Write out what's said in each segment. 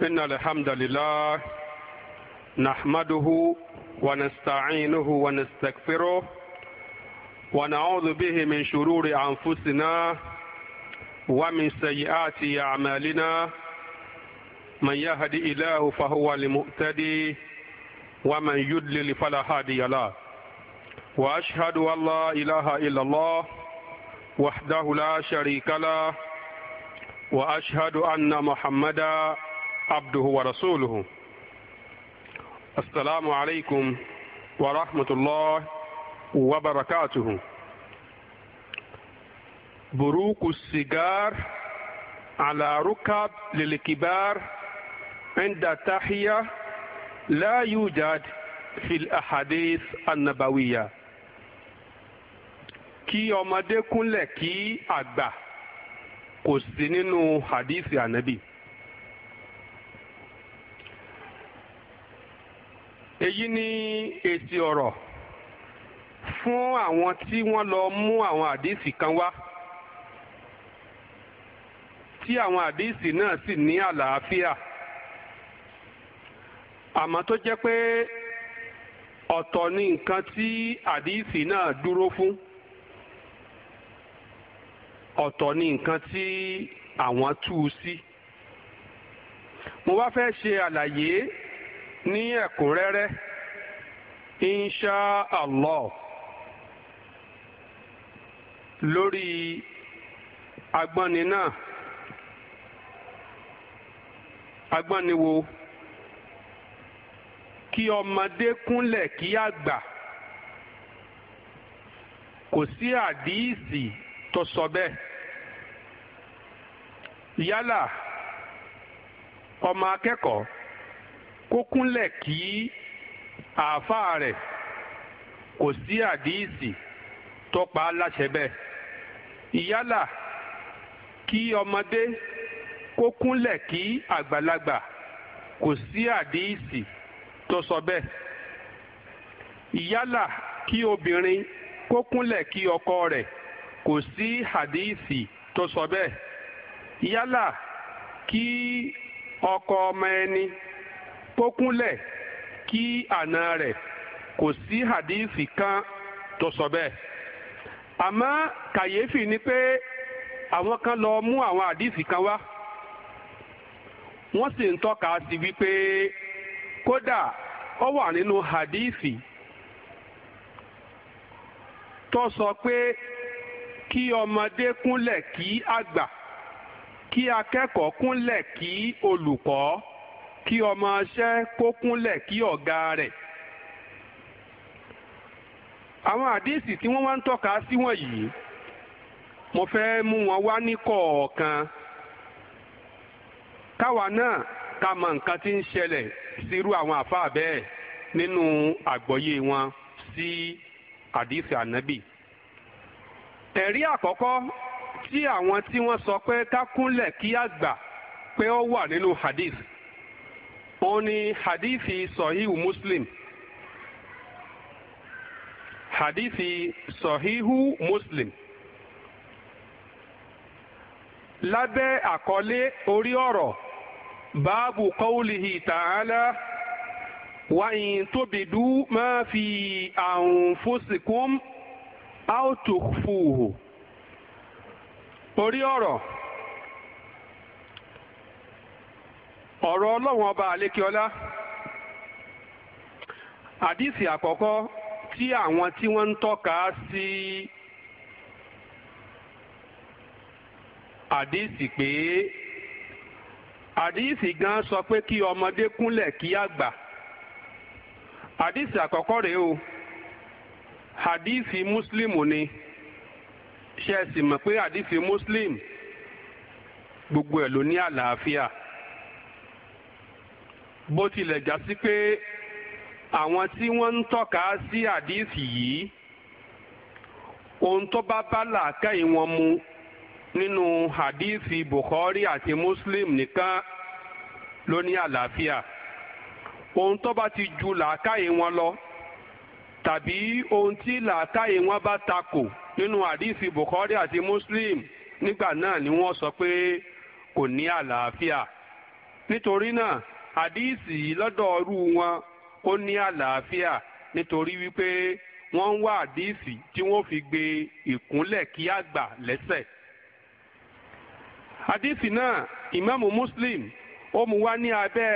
إن الحمد لله نحمده ونستعينه ونستغفره ونعوذ به من شرور أنفسنا ومن سيئات أعمالنا من يهدي إله فهو المؤتدي ومن يدلل فلا هادي له وأشهد أن لا إله إلا الله وحده لا شريك له وأشهد أن محمدا عبده ورسوله السلام عليكم ورحمة الله وبركاته بروق السيجار على ركب للكبار عند تحية لا يوجد في الأحاديث النبوية كي يوم لكي أكبر àgbà حديث النبي èyí ni èsì ọ̀rọ̀ fún àwọn tí wọ́n lọ mú àwọn àdìsí kan wá tí àwọn àdìsí náà sì ní àlàáfíà àmọ́ tó jẹ́ pé ọ̀tọ̀ ni nǹkan tí àdìsí náà dúró fún ọ̀tọ̀ ni nǹkan tí àwọn tú u sí mo wá fẹ́ ṣe àlàyé ní ẹ̀kúnrẹ́rẹ́ insha allah lórí agbọ́ni náà agbọ́ni wo kí ọmọdé kúnlẹ̀ kí àgbà kò sí àdíìsì tó sọ bẹ́ẹ̀ yálà ọmọ akẹ́kọ̀ọ́. kó kúnlẹ̀ kí àáfàá rẹ̀ kò sí àdíìsì tó pa á láṣẹ bẹ́ẹ̀ ìyálà kí ọmọdé kó kúnlẹ̀ kí àgbàlagbà kò sí àdíìsì tó sọ bẹ́ẹ̀ ìyálà kí obìnrin kó kúnlẹ̀ kí ọkọ rẹ̀ kò sí àdíìsì tó sọ bẹ́ẹ̀ ìyálà kí ọkọ ọmọ ẹni kó kúnlẹ̀ kí àna rẹ̀ kò sí hadithi kan tó sọ bẹ́ẹ̀ àmọ́ kàyéfì ni pé àwọn kan lọ mú àwọn hadithi kan wá wọ́n sì ń tọ́ka sí wípé kódà ó wà nínú hadithi tó sọ pé kí ọmọdé kúnlẹ̀ kí àgbà kí akẹ́kọ̀ọ́ kúnlẹ̀ kí olùkọ́. kí ọmọọṣẹ́ kó kúnlẹ̀ kí ọ̀gá rẹ̀ àwọn àdéhìsì tí wọ́n wá ń tọ́ka sí wọ̀nyí mo fẹ́ mú wọn wá ní kọ̀ọ̀kan káwa náà ká mọ nǹkan tí ń ṣẹlẹ̀ sírú àwọn àfáà bẹ́ẹ̀ nínú àgbọ́yé wọn sí àdéhìsì ànábì ẹ̀rí àkọ́kọ́ tí àwọn tí wọ́n sọ pé ká kúnlẹ̀ kí àgbà pé ó wà nínú hadith ó ní hadithi sahihu muslim hadithi sahihu muslim lábẹ́ àkọlé orí ọ̀rọ̀ báàbù qawlihi ta'ala wa in tubidu ma fi anfusikum aw tukhfuhu orí ọ̀rọ̀. ọ̀rọ̀ ọlọ́wọ́n ọba àlékiọlá àdìsí àkọ́kọ́ tí àwọn tí wọ́n ń tọ́ka sí àdìsí pé àdìsí gan sọ pé kí ọmọdé kúnlẹ̀ kí àgbà àdìsí àkọ́kọ́ rèé o àdìsí muslim ni ṣe é sì mọ̀ pé àdìsí muslim gbogbo ẹ̀ ló ní àlàáfíà bó tilẹ̀ já sí pé àwọn tí wọ́n ń tọ́ka sí àdíìsì yìí ohun tó bá bá làákàyè wọn mu nínú àdíìsì Bukhari àti Muslim nìkan ló ní àlàáfíà ohun tó bá ti ju làákàyè wọn lọ tàbí ohun tí làákàyè wọn bá takò nínú àdíìsì Bukhari àti Muslim nígbà náà ni wọ́n sọ pé kò ní àlàáfíà nítorí náà hadísì yìí lọ́dọ̀ ọrú wọn ó ní àlàáfíà nítorí wípé wọ́n ń wá hadísì tí wọ́n fi gbé ìkúnlẹ̀ kí àgbà lẹ́sẹ̀. hadísì náà ìmáàmù muslim ó mú wá ní abẹ́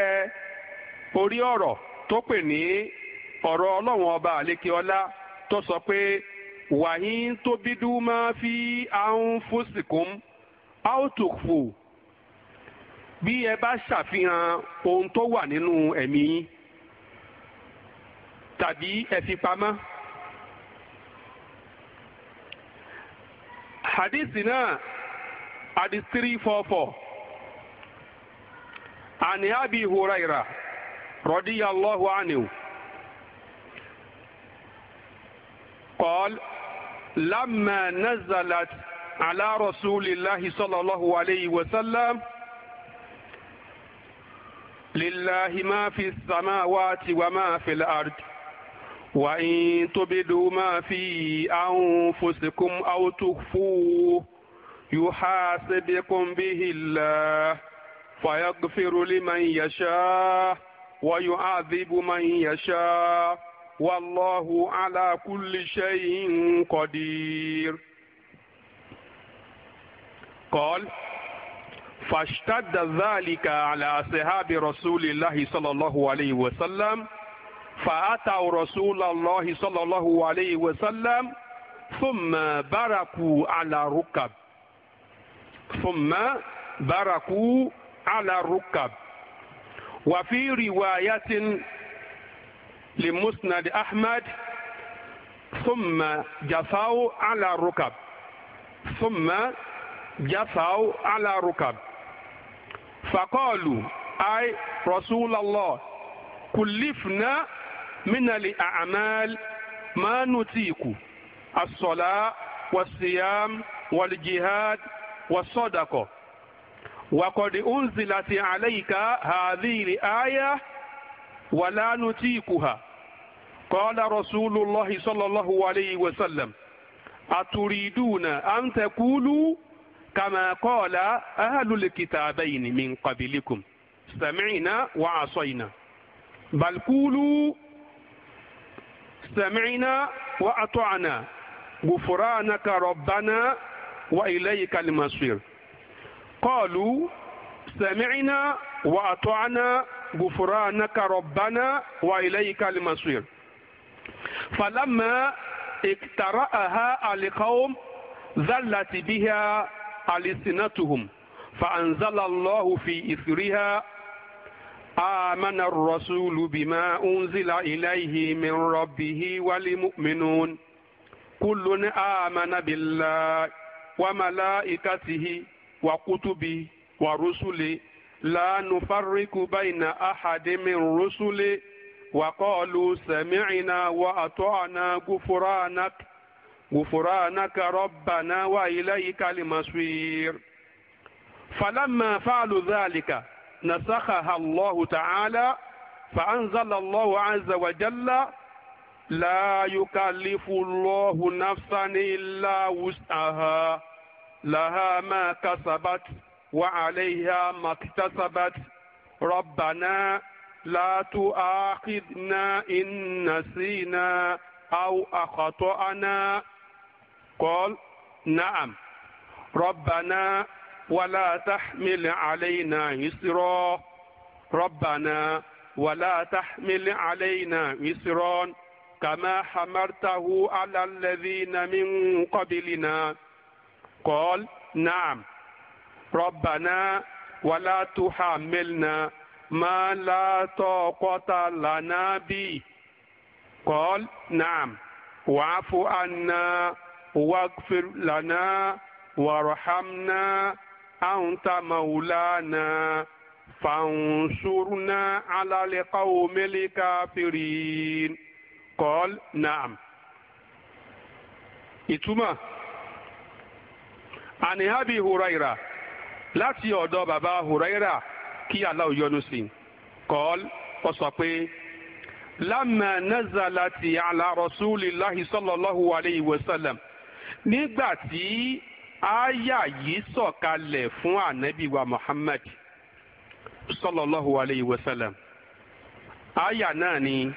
orí ọ̀rọ̀ tó pè ní ọ̀rọ̀ ọlọ́run ọba àlékeọlá tó sọ pé wàhín máa fi àwọn fòsìkún áùtòkfò bí ẹ bá ṣàfihàn ohun tó wà nínú ẹ̀mí yín tàbí ẹ fi pamọ́. hadisi náà hadith three four four ani abi huraira radiyallahu anhu qal lamma nazalat ala rasulillahi sallallahu alayhi wa sallam. لله ما في السماوات وما في الأرض وإن تبدوا ما في أنفسكم أو تخفوه يحاسبكم به الله فيغفر لمن يشاء ويعذب من يشاء والله على كل شيء قدير قال فاشتد ذلك على أصحاب رسول الله صلى الله عليه وسلم فأتوا رسول الله صلى الله عليه وسلم ثم بركوا على ركب ثم بركوا على الركب وفي رواية لمسند أحمد ثم جثوا على الركب ثم جثوا على الركب فقالوا أي رسول الله كلفنا من الأعمال ما نطيق الصلاة والصيام والجهاد والصدقة وقد أنزلت عليك هذه الآية ولا نطيقها قال رسول الله صلى الله عليه وسلم أتريدون أن تقولوا كما قال أهل الكتابين من قبلكم سمعنا وعصينا بل قولوا سمعنا وأطعنا غفرانك ربنا وإليك المصير قالوا سمعنا وأطعنا غفرانك ربنا وإليك المصير فلما اقترأها القوم ذلت بها alisinatuhum فأنزل الله في إثرها آمن الرسول بما أنزل إليه من ربه والمؤمنون كل آمن بالله وملائكته وكتبه ورسله لا نفرق بين أحد من رسله وقالوا سمعنا وأطعنا غفرانك غفرانك ربنا وإليك المصير فلما فعلوا ذلك نسخها الله تعالى فأنزل الله عز وجل لا يكلف الله نفسا إلا وسعها لها ما كسبت وعليها ما اكتسبت ربنا لا تؤاخذنا إن نسينا أو أخطأنا قال نعم ربنا ولا تحمل علينا إسرا ربنا ولا تحمل علينا إسرا كما حمرته على الذين من قبلنا قال نعم ربنا ولا تحملنا ما لا طاقة لنا به قال نعم واعف عنا واغفر لنا وارحمنا أنت مولانا فانصرنا على القوم الكافرين قال نعم ìtumọ̀ àníhábì huraira láti ọ̀dọ̀ bàbá huraira kí Allah yọ́nú sí kọ́l ó sọ pé lámà nazalati ala rasulillahi sallallahu alayhi wa sallam nígbà tí àyà yìí sọ̀kalẹ̀ fún anabiwa wa Muhammad sallallahu alayhi wa sallam naa náà ni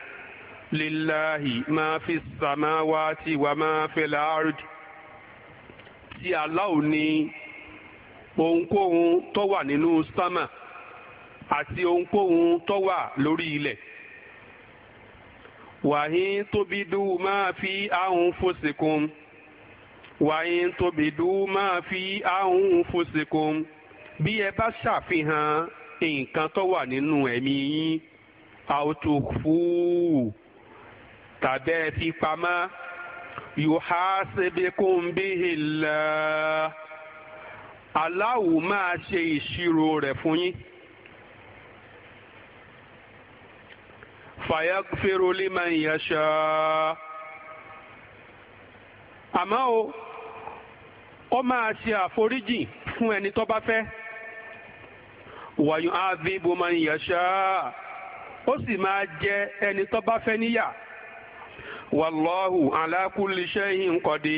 lilahi ma fi samawati wa ma fi al-ardi tí ni ohunkóhun tó wà nínú sámà àti ohunkóhun tó wà lórí ilẹ̀ wàhín tóbi dùn máa fi anfusikum. wàyín tóbi dùn máa fi àhún fòsìkò bí ẹ bá ṣàfihàn nǹkan tó wà nínú ẹ̀mí yín àwòtòfù tàbẹ́ fi pamọ́ aláwo máa ṣe ìṣirò rẹ̀ fún yín. fàyàgbèrò lè máa yẹ ṣáá àmọ́ o. Ọ máa ṣe àforíjì fún ẹni tó bá fẹ́ wàyùn àbíbo máa ń yẹ̀ṣá ó sì máa jẹ ẹni tó bá fẹ́ níyà wàlọ́hù alákùlíṣẹ́ yìí kọ́dí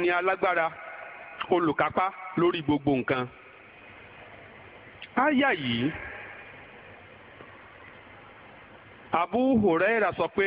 ní alágbára olùkápá lórí gbogbo nǹkan. áyà yìí Abu Huraira sọ pé.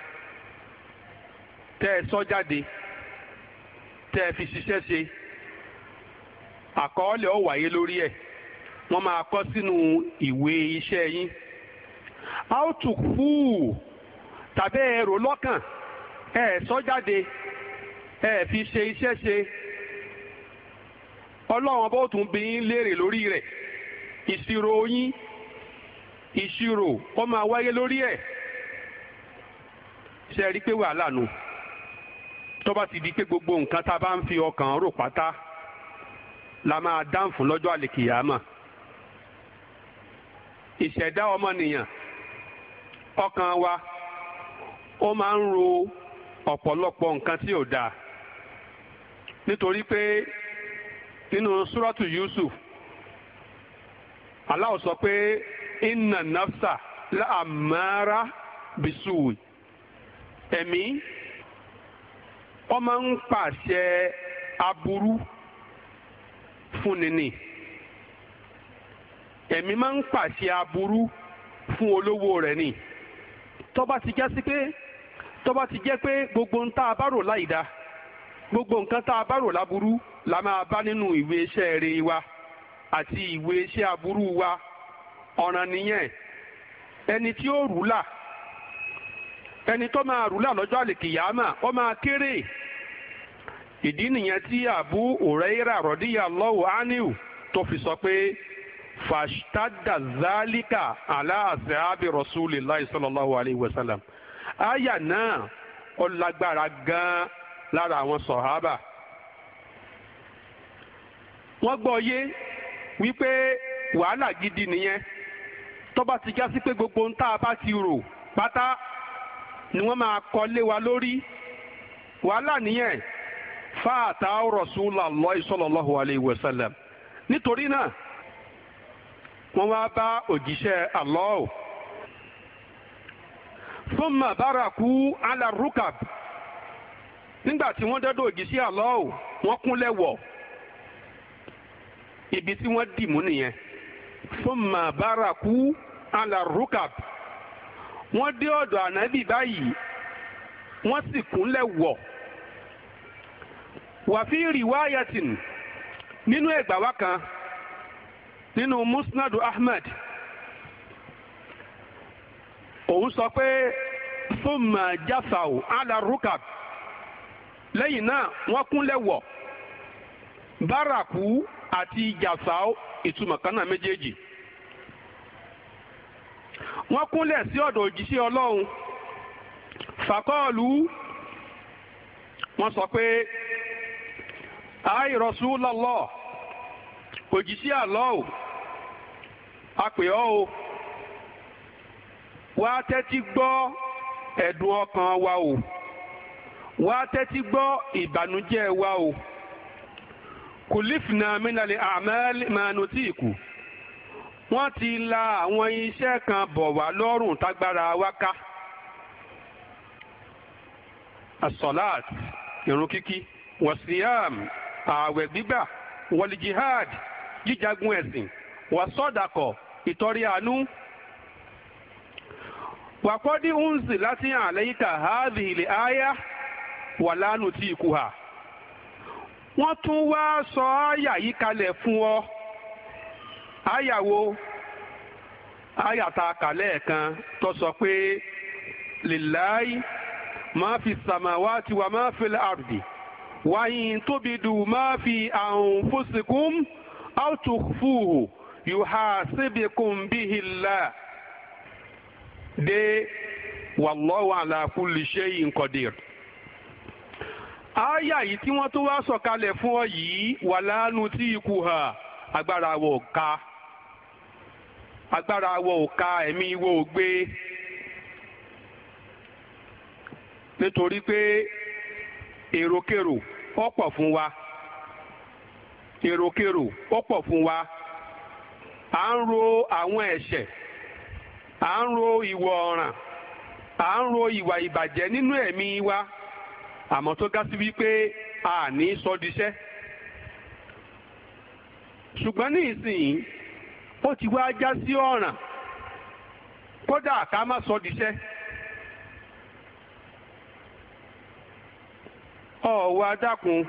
tẹ́ ẹ sọ jáde tẹ́ ẹ fi ṣiṣẹ́ ṣe àkọọ́lẹ̀ ó wáyé lórí ẹ̀ wọ́n máa kọ sínú ìwé iṣẹ́ yín outlook fúù tàbí ẹ̀rọ lọ́kàn ẹ̀ sọ jáde ẹ̀ fi ṣe iṣẹ́ ṣe ọlọ́run bó tún bí yín léèrè lórí rẹ̀ ìṣirò yín ìṣirò ó máa wáyé lórí ẹ̀ ṣe rí pé wàhálà nù. No tó bá ti di pé gbogbo nǹkan tá a bá ń fi ọkàn rò pátá la máa dáhùn fún lọ́jọ́ àlèkìyàmọ̀ ìṣẹ̀dá ọmọnìyàn ọkàn wa ó máa ń ro ọ̀pọ̀lọpọ̀ nǹkan tí ò dáa nítorí pé nínú súrọ́tù Yusuf Allah sọ pé inna nafsa la amara bisui ẹ̀mí ó máa ń pàṣẹ aburú fúnni ni ẹ̀mí máa ń pàṣẹ aburú fún olówó rẹ̀ ni tó bá ti já sí pé tó ti jẹ́ pé gbogbo ń tá a bá rò láìda gbogbo nǹkan tá a bá rò láburú la máa bá nínú ìwé iṣẹ́ rere wa àti ìwé iṣẹ́ aburú wa ọ̀ràn nìyẹn ẹni tí ó rù là ẹni tó máa rù là lọ́jọ́ àlèkìyàmà ó máa kéré ìdí nìyẹn tí Abu Huraira radiyallahu anhu tó fi sọ pé fàṣtádà zálíkà ala ashabi rasulillahi sallallahu alayhi wa sallam àyà náà ó lágbára gan-an lára àwọn sọ̀hábà wọ́n gbọ́ yé wípé wàhálà gidi nìyẹn tó bá ti já sí pé gbogbo ń tá a bá ti rò pátá ni wọ́n máa kọ́ lé wa lórí wàhálà nìyẹn fáàtà Rasulullah sallallahu alayhi wa sallam nítorí náà wọ́n wá bá òjíṣẹ́ Allah thumma baraku ala rukab nígbà tí wọ́n dẹ́dọ̀ òjíṣẹ́ Allah wọ́n kúnlẹ̀ wọ̀ ibi tí wọ́n dì mú nìyẹn thumma baraku ala rukab dé ọ̀dọ̀ ànábì báyìí wọ́n sì kúnlẹ̀ wọ̀ wàfí rìwáyàtìn nínú ẹgbà wa kan nínú musnadu ahmed òun sọ pé fúnmà jáfàù alárúkàb lẹ́yìn náà wọ́n kúnlẹ̀ wọ̀ bárakú àti jáfàù ìtumọ̀ kan náà méjèèjì wọ́n kúnlẹ̀ sí ọ̀dọ̀ òjíṣẹ́ ọlọ́run fàkọ́ọ̀lù wọ́n sọ pé àì Rasulullah òjíṣẹ́ àlọ́ o àpè ọ́ o wá tẹ́tí gbọ́ ẹ̀dùn ọkàn wa o wá tẹ́tí gbọ́ ìbànújẹ́ wa o kùlífìnà mínàlè àmẹ́lì mànútìkù wọ́n ti la àwọn iṣẹ́ kan bọ̀ wá lọ́rùn tágbára wa ká asọ́láàt ìrun kíkí wọ̀síyàmù ààwẹ̀ gbígbà wọlé jihad jíjagun ẹ̀sìn wà sọ́dàkọ̀ ìtọ́rí àánú. wàkọ́dí unzi láti hàn lẹ́yìn ká háàzì ilẹ̀ áyá wà lánà tí ikú ha. wọ́n tún wá sọ áyà yìí kalẹ̀ fún ọ. áyà wo áyà tá a kà tó sọ pé lìláì máa fi sàmáwá tiwa máa fi lárùdì. wayin tobidu mafi an fusikum autufuhu yu hasibikum bihi la de wallahu ala kulli shay'in yi ti wọn to wa so kale fun o yi wala tí ti ha agbára awọ ka emi wo gbe nítorí pé erokero ó pọ̀ fún wa èròkérò ó pọ̀ fún wa à ń ro àwọn ẹ̀ṣẹ̀ à ń ro iwo ọ̀ràn à ń ro ìwà ìbàjẹ́ nínú ẹ̀mí wa àmọ́ tó gá sí wípé a ní sọdiṣẹ́ ṣùgbọ́n ní ìsìn ó ti wá já sí ọ̀ràn kódà ká má sọdiṣẹ́. So ọ̀wọ́ adákun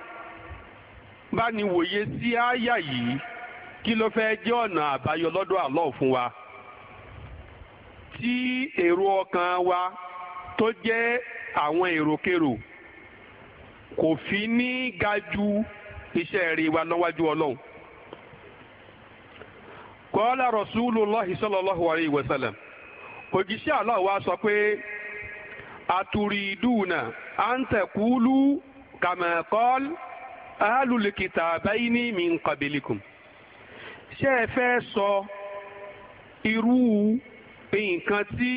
bá ní wòye sí àyà yìí kí ló fẹ́ jẹ́ ọ̀nà àbáyọ lọ́dọ̀ àlọ́ fún wa tí èrò ọkàn wa tó jẹ́ àwọn èròkérò kò fi ní ga ju iṣẹ́ rí wa lọ́wájú ọlọ́run. kọ́lá Rasulullahi sallallahu alayhi wa sallam òjíṣẹ́ àlọ́ wa sọ pé àtúrídùnà à ń tẹ̀kú lù. kama qal ahlul kitabaini min qablikum ṣé ẹ fẹ́ sọ irú nǹkan tí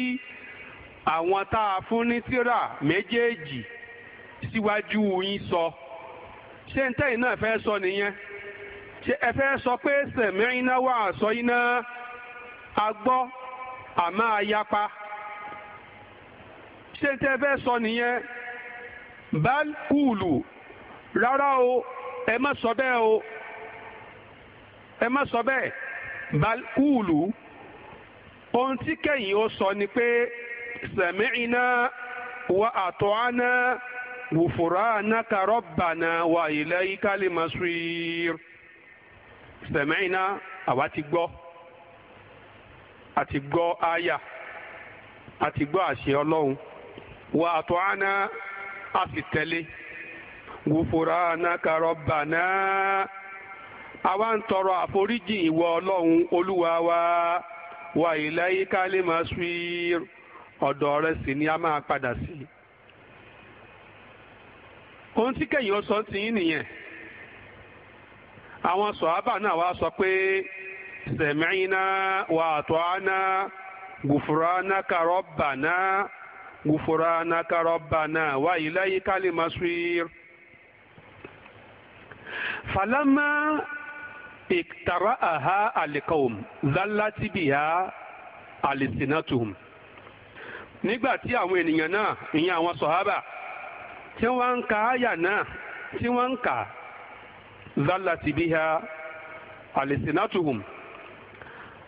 àwọn tá a fún ní tírà méjèèjì síwájú yín sọ ṣé ń tẹ́yìn náà fẹ́ sọ nìyẹn ṣé ẹ fẹ́ sọ pé sẹ̀mẹ́rin náà wà sọ iná agbọ́ àmọ́ ayapa ṣé ń tẹ́ fẹ́ sọ nìyẹn bal kúùlù rárá o ẹ má sọ bẹ́ẹ̀ o ẹ má sọ bẹ́ẹ̀ bal kúùlù ohun tí kẹ́yìn ó sọ ni pé sami'na wa ata'na ghufranaka rabbana wa ilaykal masir sami'na àwa ti gbọ́ àti gbọ́ àyà àti gbọ́ àṣẹ ọlọ́run wà àtọ́ a sì tẹ̀lé gufuranaka rabbana àwa ń tọrọ àforíjì ìwọ ọlọ́run olúwa wa wa ilaykal masir ọ̀dọ̀ rẹ sì ni a máa padà sí. ohun tí kẹ̀yìn sọ ti yín nìyẹn àwọn sọ̀hábà náà wá sọ pé sami'na wa anaka rọba rabbana. غفرانك ربنا وإليك المصير فلما اقترأها القوم ذلت بها ألسنتهم nígbà tí àwọn ènìyàn náà ìyẹn àwọn sọ̀hábà tí ka ha náà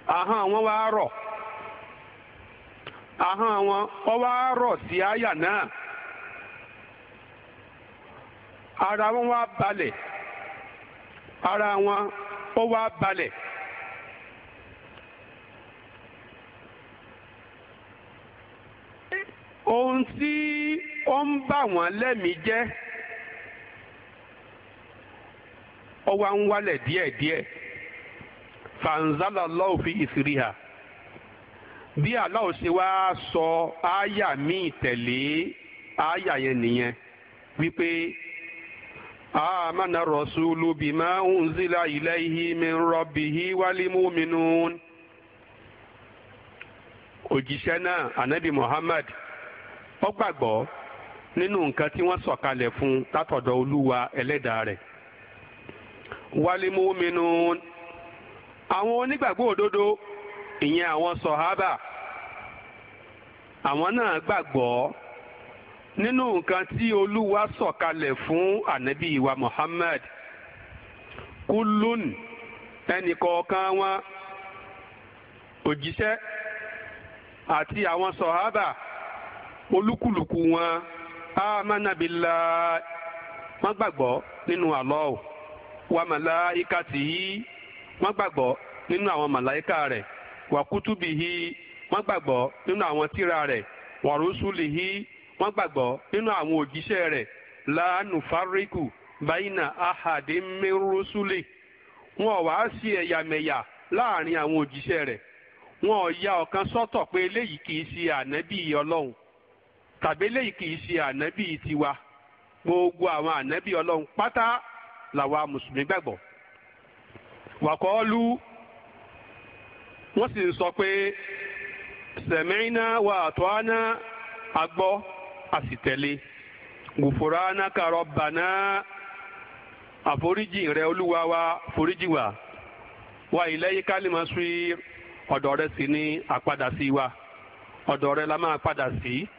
àwọn ahọ́n wọn ọ wá rọ̀ sí àyà náà ara wọn wá balẹ̀ ara wọn ó wá balẹ̀. ohun tí ó ń bà wọ́n lẹ́mìí jẹ́ ó wá ń wálẹ̀ díẹ̀díẹ̀ fanzala lọ́wọ́ fi ìsírí bí aláwo ṣe wá sọ áyà míì tẹ̀lé áyà yẹn nìyẹn wípé amana rasulu bima unzila mi min hi wal mu'minun òjíṣẹ́ náà anabi muhammad ó gbàgbọ́ nínú nǹkan tí wọ́n sọ̀kalẹ̀ fún látọ̀dọ̀ olúwa ẹlẹ́dàá rẹ̀ wal mu'minun àwọn onígbàgbọ́ òdodo ìyẹn àwọn sọ̀hábà àwọn náà gbàgbọ́ nínú nǹkan tí olúwa sọ̀kalẹ̀ fún ànábì wa Muhammad ẹnì ẹnìkọ̀ọ̀kan wọn òjíṣẹ́ àti àwọn sọ̀hábà olúkúlùkù wọn amanabila wọ́n gbàgbọ́ nínú Allah wa màláìka tìyí wọ́n gbàgbọ́ nínú àwọn rẹ̀. wàkútùbìhì wọ́n gbàgbọ́ nínú àwọn tírà rẹ̀ wàrúsùlìhì wọ́n gbàgbọ́ nínú àwọn òjíṣẹ́ rẹ, láàánú fáríkù báyìnà ahàdínmírúsùlì wọn ò wá sí ẹ̀yàmẹ̀yà láàrin àwọn òjíṣẹ́ re, wọn ò ya ọkan sọtọ pé eléyìí kìí ṣe ànábì ọlọrun tàbí eléyìí kìí ṣe ànábì tiwa gbogbo àwọn ànábì ọlọ́run pátá làwa mùsùlùmí gbàgbọ́ wọ́n sì ń sọ pé sẹ̀mẹ́ínà wà àtọ́ánà agbọ́ àsìtẹ̀lé gùfòránà kàrọ̀ bàná àforíjì rẹ olúwa wa foríjì wa wa ìlẹ́yìn kálímà sí ọ̀dọ̀ rẹ sì ni àpadà sí wa ọ̀dọ̀ rẹ la máa padà sí. Si